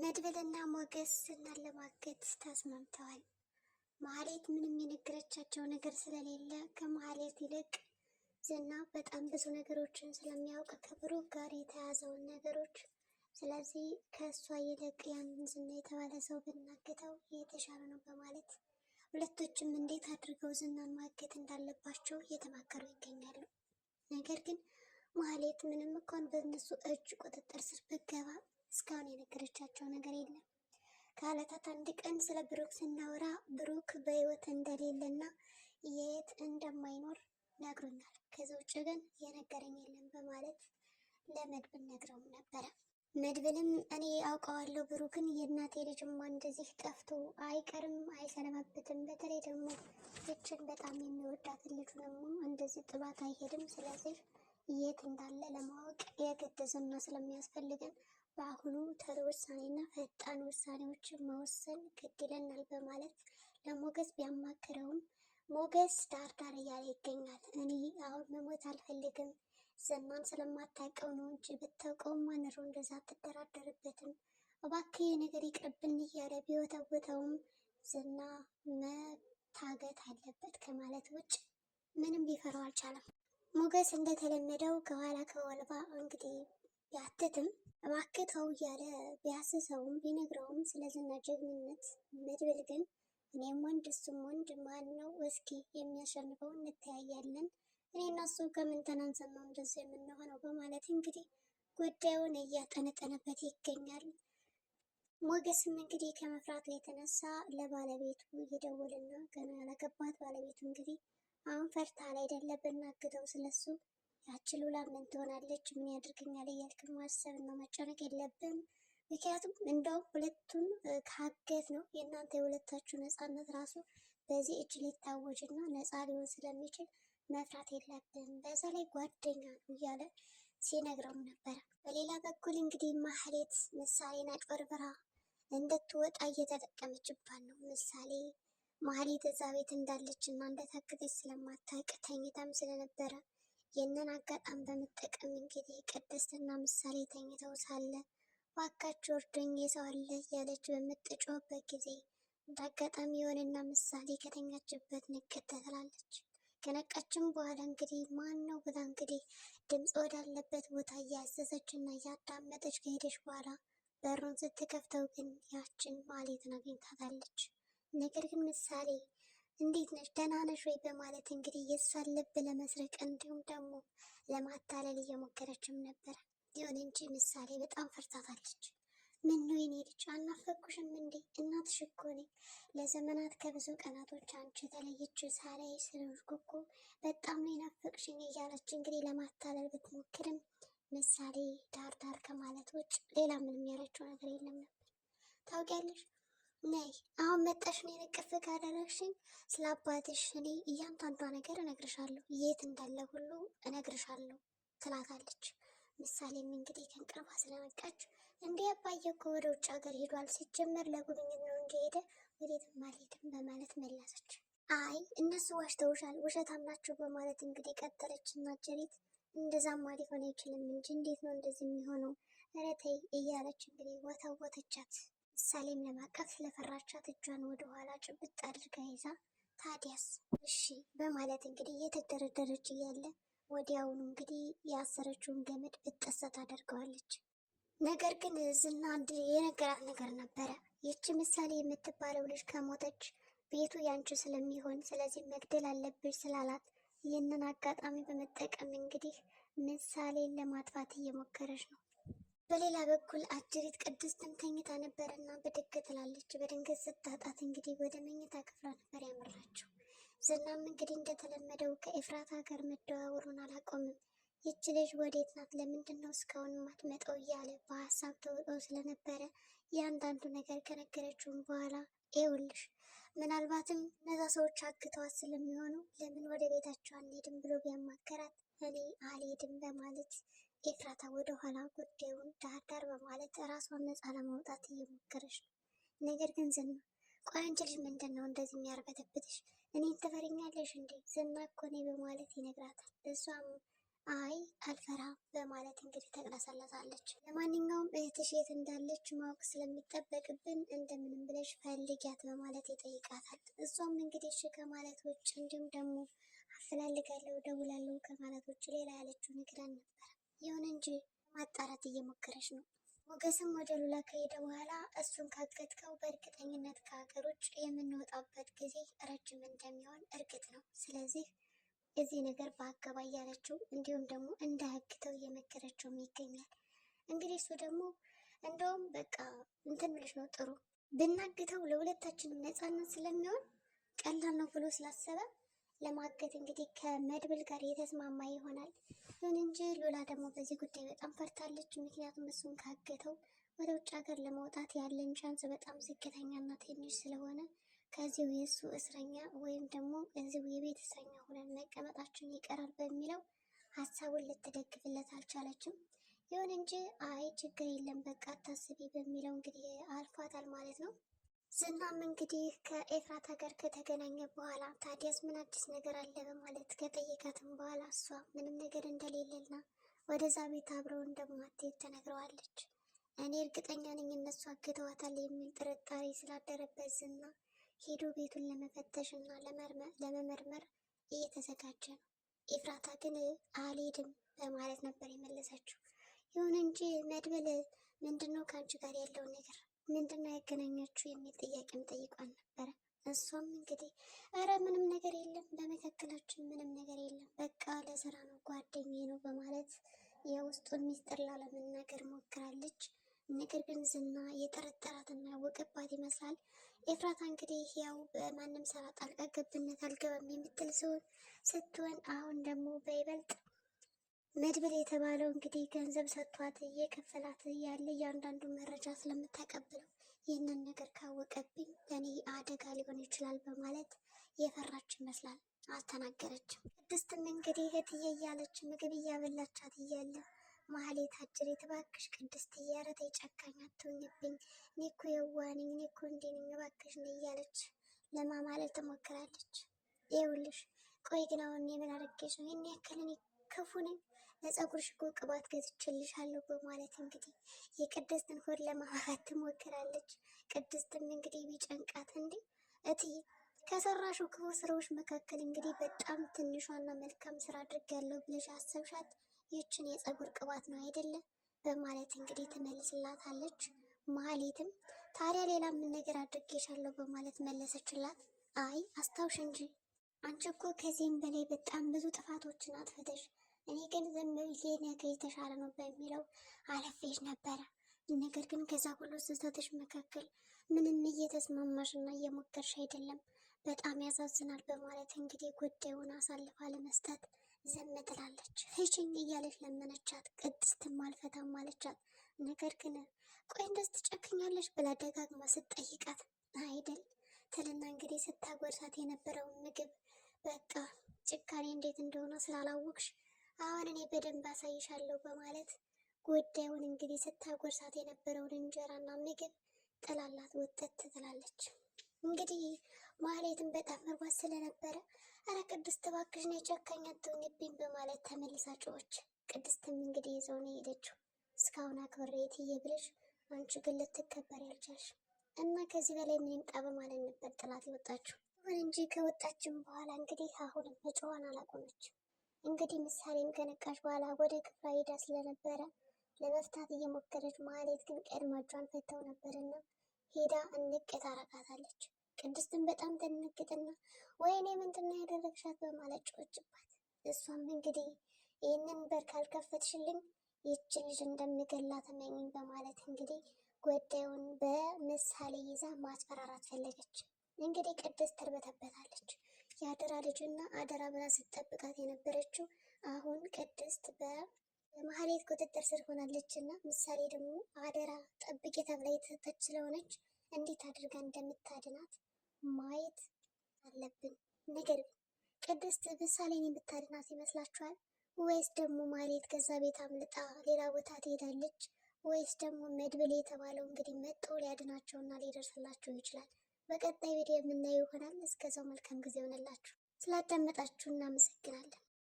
መድብልና ሞገስ ዝናን ለማገት ተስማምተዋል። መሀሌት ምንም የነገረቻቸው ነገር ስለሌለ ከማህሌት ይልቅ ዝና በጣም ብዙ ነገሮችን ስለሚያውቅ ከብሩክ ጋር የተያዘውን ነገሮች ስለዚህ ከእሷ ይልቅ ያንን ዝና የተባለ ሰው ብናገተው የተሻለ ነው በማለት ሁለቶችም እንዴት አድርገው ዝናን ማገት እንዳለባቸው እየተማከሩ ይገኛሉ። ነገር ግን መሀሌት ምንም እንኳን በእነሱ እጅ ቁጥጥር ስር ብገባ እስካሁን የነገረቻቸው ነገር የለም። ከአለታት አንድ ቀን ስለ ብሩክ ስናወራ ብሩክ በሕይወት እንደሌለና የት እንደማይኖር ነግሮናል። ከዚ ውጭ ግን የነገረኝ የለም በማለት ለመድብል ነግረውም ነበረ። መድብልም እኔ አውቀዋለሁ ብሩክን የእናቴ ልጅማ እንደዚህ ጠፍቶ አይቀርም አይሰነባበትም። በተለይ ደግሞ ይችን በጣም የሚወዳትን ልጁንማ እንደዚህ ጥባት አይሄድም። ስለዚህ የት እንዳለ ለማወቅ የግድ ዝና ስለሚያስፈልገን በአሁኑ ተር ውሳኔና ፈጣን ውሳኔዎችን መወሰን ግድለናል በማለት ለሞገስ ቢያማክረውም ሞገስ ዳርዳር እያለ ይገኛል። እኔ አሁን መሞት አልፈልግም፣ ዝናን ስለማታውቀው ነው እንጂ ብታውቀው ማንሮ እንደዛ አትደራደርበትም። እባክህ ነገር ይቅርብን እያለ ቢወተውተውም ዝና መታገት አለበት ከማለት ውጭ ምንም ሊፈራው አልቻለም። ሞገስ እንደተለመደው ከኋላ ከወልባ እንግዲህ ያትትም እባክህ ተው እያለ ቢያስሰውም ቢነግረውም ስለ ዝና ጀግንነት መድብል ግን እኔም ወንድ እሱም ወንድ ማን ነው እስኪ የሚያሸንፈው? እንተያያለን። እኔና እሱ ከምን ተናንሰን ነው እንደዚህ የምንሆነው? በማለት እንግዲህ ጉዳዩን እያጠነጠነበት ይገኛል። ሞገስም እንግዲህ ከመፍራት የተነሳ ለባለቤቱ እየደወልና ገና ያላገባት ባለቤቱ እንግዲህ አሁን ፈርታ ላይ ደለብን አግተው ስለሱ ያችሉ ሉላ ምን ትሆናለች፣ ምን ያደርገኛል እያልክ ማሰብ እና መጨነቅ የለብም። ምክንያቱም እንደውም ሁለቱን ካገት ነው የእናንተ የሁለታችሁ ነፃነት ራሱ በዚህ እጅ ሊታወጅ እና ነፃ ሊሆን ስለሚችል መፍራት የለብም። በዛ ላይ ጓደኛ ነው እያለ ሲነግረው ነበረ። በሌላ በኩል እንግዲህ ማህሌት ምሳሌን አጭበርብራ እንድትወጣ እየተጠቀመችባት ነው። ምሳሌ ማህሌት እዛ ቤት እንዳለች እና እንደታገተች ስለማታውቅ ተኝታም ስለነበረ ይህንን አጋጣሚ በመጠቀም እንግዲህ ቅድስትና ምሳሌ ተኝተው ሳለ እባካችሁ እርዱኝ የሰው አለ እያለች በምትጮህበት ጊዜ አጋጣሚ የሆነና ምሳሌ ከተኛችበት ንቅት ትላለች። ከነቃችም በኋላ እንግዲህ ማን ነው ብላ እንግዲህ ድምፅ ወዳለበት ቦታ እያዘዘች እና እያዳመጠች ከሄደች በኋላ በሩን ስትከፍተው ግን ያችን ማሌትን አግኝታታለች። ነገር ግን ምሳሌ እንዴት ነሽ ደህና ነሽ ወይ በማለት እንግዲህ የእሷን ልብ ለመስረቅ እንዲሁም ደግሞ ለማታለል እየሞከረችም ነበረ። ይሁን እንጂ ምሳሌ በጣም ፈርታታለች። ምን ነው የኔ ልጅ አናፈኩሽም እንዴ? እናትሽ እኮ ነኝ። ለዘመናት ከብዙ ቀናቶች አንቺ የተለየችው ሳላይ ስለሆንኩ እኮ በጣም ነው የናፈቅሽኝ እያለች እንግዲህ ለማታለል ብትሞክርም ምሳሌ ዳር ዳር ከማለት ውጭ ሌላ ምንም ያለችው ነገር የለም ነበር። ታውቂያለሽ ነይ አሁን መጠሽ ነው የነቀፍ ካደረግሽኝ ስለ አባትሽ እኔ እያንዳንዷ ነገር እነግርሻለሁ፣ የት እንዳለ ሁሉ እነግርሻለሁ ትላታለች። ምሳሌም እንግዲህ ከእንቅልፏ ስለመጣች እንዴ አባዬ እኮ ወደ ውጭ ሀገር ሄዷል፣ ሲጀመር ለጉብኝት ነው እንጂ ሄደ ወዴትም አልሄድም በማለት መለሰች። አይ እነሱ ዋሽተውሻል፣ ውሸታም ናቸው በማለት እንግዲህ ቀጠለች። እና ጀሪት እንደዛማ ሊሆን አይችልም እንጂ እንዴት ነው እንደዚህ የሚሆነው? ኧረ ተይ እያለች እንግዲህ ወተወተቻት። ምሳሌም ለማቀፍ ስለፈራቻት እጇን ወደ ኋላ ጭብጥ አድርጋ ይዛ ታዲያስ እሺ በማለት እንግዲህ እየተደረደረች እያለ ወዲያውኑ እንግዲህ የአሰረችውን ገመድ ብጥስ አደርገዋለች። ነገር ግን ዝና አንድ የነገራት ነገር ነበረ። ይቺ ምሳሌ የምትባለው ልጅ ከሞተች ቤቱ ያንቺ ስለሚሆን ስለዚህ መግደል አለብሽ ስላላት ይህንን አጋጣሚ በመጠቀም እንግዲህ ምሳሌን ለማጥፋት እየሞከረች ነው። በሌላ በኩል አጅሪት ቅድስትን ተኝታ ነበርና ብድግ ትላለች። በድንገት ስታጣት እንግዲህ ወደ መኝታ ክፍሏ ነበር ያመራችው። ዝናም እንግዲህ እንደተለመደው ከኤፍራታ ጋር መደዋወሩን አላቆምም። ይች ልጅ ወዴት ናት? ለምንድን ነው እስካሁን ማትመጣው? እያለ በሀሳብ ተውጦ ስለነበረ እያንዳንዱ ነገር ከነገረችውን በኋላ ይኸውልሽ፣ ምናልባትም እነዛ ሰዎች አግተዋት ስለሚሆኑ ለምን ወደ ቤታቸው አንሄድም ብሎ ቢያማከራት እኔ አልሄድም በማለት ኤፍራታ ወደ ኋላ ጉዳዩን ዳር ዳር በማለት ራሷን ነፃ ለማውጣት እየሞከረች ነው። ነገር ግን ዝና ቆይ አንቺ ልጅ ምንድን ነው እንደዚህ የሚያርበተብትሽ? እኔን ትፈሪኛለሽ እንዴ? ዝና እኮ እኔ በማለት ይነግራታል። እሷም አይ አልፈራ በማለት እንግዲህ ተቅላሳለሳለች። ለማንኛውም እህትሽ የት እንዳለች ማወቅ ስለሚጠበቅብን እንደምንም ብለሽ ፈልጊያት በማለት ይጠይቃታል። እሷም እንግዲህ እሺ ከማለት ውጭ እንዲሁም ደግሞ አፈላልጋለሁ፣ ደውላለሁ ከማለት ውጭ ሌላ ያለችው ነገር አልነበረም። ይሁን እንጂ ማጣራት እየሞከረች ነው። ሞገስም ወደ ሉላ ከሄደ በኋላ እሱን ካገትከው በእርግጠኝነት ከሀገር ውጭ የምንወጣበት ጊዜ ረጅም እንደሚሆን እርግጥ ነው። ስለዚህ እዚህ ነገር በአገባ እያለችው እንዲሁም ደግሞ እንዳያግተው እየመከረችውም ይገኛል። እንግዲህ እሱ ደግሞ እንደውም በቃ እንትን ብለሽ ነው ጥሩ ብናግተው ለሁለታችንም ነፃነት ስለሚሆን ቀላል ነው ብሎ ስላሰበ ለማገት እንግዲህ ከመድብል ጋር የተስማማ ይሆናል። ይሁን እንጂ ሉላ ደግሞ በዚህ ጉዳይ በጣም ፈርታለች። ምክንያቱም እሱን ካገተው ወደ ውጭ ሀገር ለመውጣት ያለን ቻንስ በጣም ዝቅተኛና ትንሽ ስለሆነ ከዚሁ የእሱ እስረኛ ወይም ደግሞ እዚሁ የቤት እስረኛ ሆነን መቀመጣችን ይቀራል በሚለው ሀሳቡን ልትደግፍለት አልቻለችም። ይሁን እንጂ አይ ችግር የለም በቃ አታስቢ በሚለው እንግዲህ አልፏታል ማለት ነው። ዝናም እንግዲህ ከኤፍራት ሀገር ከተገናኘ በኋላ ታዲያስ ምን አዲስ ነገር አለ በማለት ከጠየቃትም በኋላ እሷ ምንም ነገር እንደሌለና ወደዛ ቤት አብረው እንደማትሄድ ተነግረዋለች። እኔ እርግጠኛ ነኝ እነሱ አግተዋታል የሚል ጥርጣሬ ስላደረበት ዝና ሄዶ ቤቱን ለመፈተሽ እና ለመመርመር እየተዘጋጀ ነው። ኤፍራታ ግን አልሄድም በማለት ነበር የመለሰችው። ይሁን እንጂ መድብል ምንድነው ከአንቺ ጋር ያለው ነገር ምንድነው ያገናኛችሁ የሚል ጥያቄም ጠይቋን ነበረ። እሷም እንግዲህ እረ ምንም ነገር የለም፣ በመካከላችን ምንም ነገር የለም፣ በቃ ለስራ ነው ጓደኛ ነው በማለት የውስጡን ሚስጥር ላለመናገር ሞክራለች። ነገር ግን ዝና የጠረጠራትና ያወቀባት ይመስላል። ኤፍራታ እንግዲህ ያው በማንም ሰራ ጣልቃ ገብነት አልገባም የምትል ሲሆን ስትሆን አሁን ደግሞ በይበልጥ መድብል የተባለው እንግዲህ ገንዘብ ሰጥቷት እየከፈላት ያለ እያንዳንዱ መረጃ ስለምታቀብለው ይህንን ነገር ካወቀብኝ ለእኔ አደጋ ሊሆን ይችላል በማለት የፈራች ይመስላል አልተናገረችም። ቅድስትም እንግዲህ እህትዬ እያለች ምግብ እያበላቻት እያለ ማህሌት አጅሬት እባክሽ ቅድስት እያረተ ጨካኝ አትሆኝብኝ፣ እኔ እኮ የዋህ ነኝ፣ እኔ እኮ እንዲህ ነኝ፣ እባክሽ እያለች ለማማለት ትሞክራለች። ይኸውልሽ ቆይ ግን አሁን ምን አደረገሽ ነው? ይህን ያክል እኔ ክፉ ነኝ ለፀጉርሽ እኮ ቅባት ገዝቼልሻለሁ በማለት እንግዲህ የቅድስትን ሆድ ለማፋፋት ትሞክራለች። ቅድስትን እንግዲህ ቢጨንቃት እንዴ እትዬ ከሰራሹ ክፉ ስራዎች መካከል እንግዲህ በጣም ትንሿና መልካም ስራ አድርጊያለሁ ብለሽ አሰብሻት ይችን የፀጉር ቅባት ነው አይደለም በማለት እንግዲህ ትመልስላታለች። መሀሌትም ታዲያ ሌላ ምን ነገር አድርጌሻለሁ በማለት መለሰችላት። አይ አስታውሽ እንጂ አንቺ እኮ ከዚህም በላይ በጣም ብዙ ጥፋቶችን አጥፍተሽ እኔ ግን ዝም ብዬ ነገ የተሻለ ነው በሚለው አለፌሽ ነበረ። ነገር ግን ከዛ ሁሉ ስህተቶች መካከል ምንም እየተስማማሽ እና እየሞከርሽ አይደለም፣ በጣም ያሳዝናል በማለት እንግዲህ ጉዳዩን አሳልፋ ለመስጠት ዝም ትላለች። ፍቺኝ እያለች ለመነቻት። ቅድስትም አልፈታም አለቻት። ነገር ግን ቆይ እንደስ ትጨክኛለች ብላ ደጋግማ ስትጠይቃት አይደል ትልና እንግዲህ ስታጎርሳት የነበረውን ምግብ በቃ ጭካኔ እንዴት እንደሆነ ስላላወቅሽ አሁን እኔ በደንብ አሳይሻለሁ በማለት ጉዳዩን እንግዲህ ስታጎርሳት የነበረውን እንጀራና ምግብ ጥላላት ወጠት ትጥላለች እንግዲህ ማህሌትን በጣም መርባት ስለነበረ አረ ቅድስት እባክሽ ነይ ጨካኝ አትሆኝብኝ በማለት ተመልሳ ጮኸች። ቅድስትም እንግዲህ ይዘው ነው የሄደችው። እስካሁን አክብሬ የትዬ ብልሽ አንቺ ግን ልትከበር ያልቻልሽ እና ከዚህ በላይ ምን ይምጣ በማለት ነበር ጥላት የወጣችው። ይሁን እንጂ ከወጣችም በኋላ እንግዲህ አሁንም መጮዋን አላቆመችም። እንግዲህ ምሳሌም ከነቃች በኋላ ወደ ክፍሏ ሄዳ ስለነበረ ለመፍታት እየሞከረች ማህሌት ግን ቀድማ ፈተው ነበርና ሄዳ እንቅ ታረጋታለች። ቅድስትን በጣም ተንግጥና ወይኔ ምንድነው ያደረግሻት በማለት ጮችባት። እሷም እንግዲህ ይህንን በር ካልከፈትሽልኝ ይች ልጅ እንደምገላት በማለት እንግዲህ ጉዳዩን በምሳሌ ይዛ ማስፈራራት ፈለገች። እንግዲህ ቅድስት ትርበተበታለች። የአደራ ልጅና አደራ ብላ ስትጠብቃት የነበረችው አሁን ቅድስት በማህሌት ቁጥጥር ስር ሆናለች እና ምሳሌ ደግሞ አደራ ጠብቄ ተብላ የተሰጠች ስለሆነች እንዴት አድርጋ እንደምታድናት ማየት አለብን። ነገር ግን ቅድስት ምሳሌን የምታድናት ይመስላችኋል? ወይስ ደግሞ ማህሌት ከዛ ቤት አምልጣ ሌላ ቦታ ትሄዳለች? ወይስ ደግሞ መድብል የተባለው እንግዲህ መጥቶ ሊያድናቸውና ሊደርስላቸው ይችላል። በቀጣይ ቪዲዮ የምናየው ይሆናል። እስከዛው መልካም ጊዜ ሆነላችሁ። ስላዳመጣችሁ እናመሰግናለን።